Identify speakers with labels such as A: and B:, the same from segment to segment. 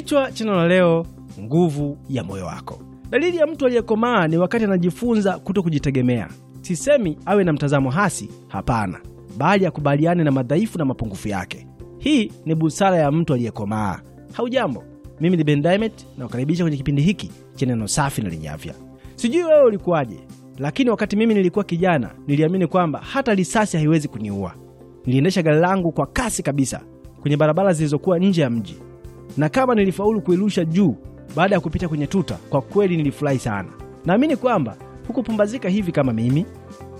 A: Kichwa cha neno la leo, nguvu ya moyo wako. Dalili ya mtu aliyekomaa ni wakati anajifunza kuto kujitegemea. Sisemi awe na mtazamo hasi, hapana, bali akubaliane na madhaifu na mapungufu yake. Hii ni busara ya mtu aliyekomaa. Haujambo, mimi ni Ben na nakukaribisha kwenye kipindi hiki cha neno safi na lenye afya. Sijui wewe ulikuwaje, lakini wakati mimi nilikuwa kijana niliamini kwamba hata risasi haiwezi kuniua. Niliendesha gari langu kwa kasi kabisa kwenye barabara zilizokuwa nje ya mji na kama nilifaulu kuirusha juu baada ya kupita kwenye tuta, kwa kweli nilifurahi sana. Naamini kwamba hukupumbazika hivi kama mimi.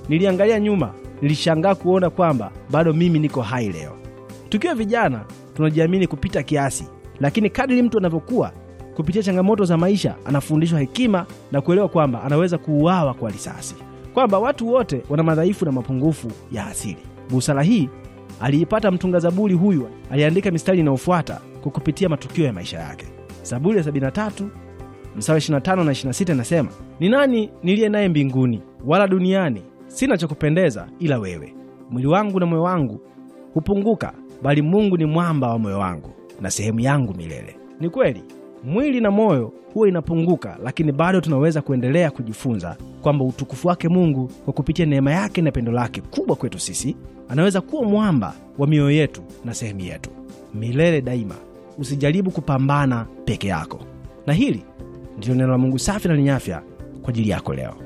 A: Niliangalia nyuma, nilishangaa kuona kwamba bado mimi niko hai leo. Tukiwa vijana tunajiamini kupita kiasi, lakini kadri mtu anavyokuwa kupitia changamoto za maisha, anafundishwa hekima na kuelewa kwamba anaweza kuuawa kwa risasi, kwamba watu wote wana madhaifu na mapungufu ya asili. Busara hii aliipata mtunga Zaburi huyu, aliandika mistari inayofuata kwa kupitia matukio ya maisha yake. Zaburi ya 73 mstari 25 na 26 inasema ni nani niliye naye mbinguni, wala duniani sina cha kupendeza ila wewe. Mwili wangu na moyo wangu hupunguka, bali Mungu ni mwamba wa moyo wangu na sehemu yangu milele. Ni kweli mwili na moyo huwa inapunguka, lakini bado tunaweza kuendelea kujifunza kwamba utukufu wake Mungu kwa kupitia neema yake na pendo lake kubwa kwetu sisi, anaweza kuwa mwamba wa mioyo yetu na sehemu yetu milele daima usijaribu kupambana peke yako. Na hili ndilo neno la Mungu safi na lenye afya kwa ajili yako leo.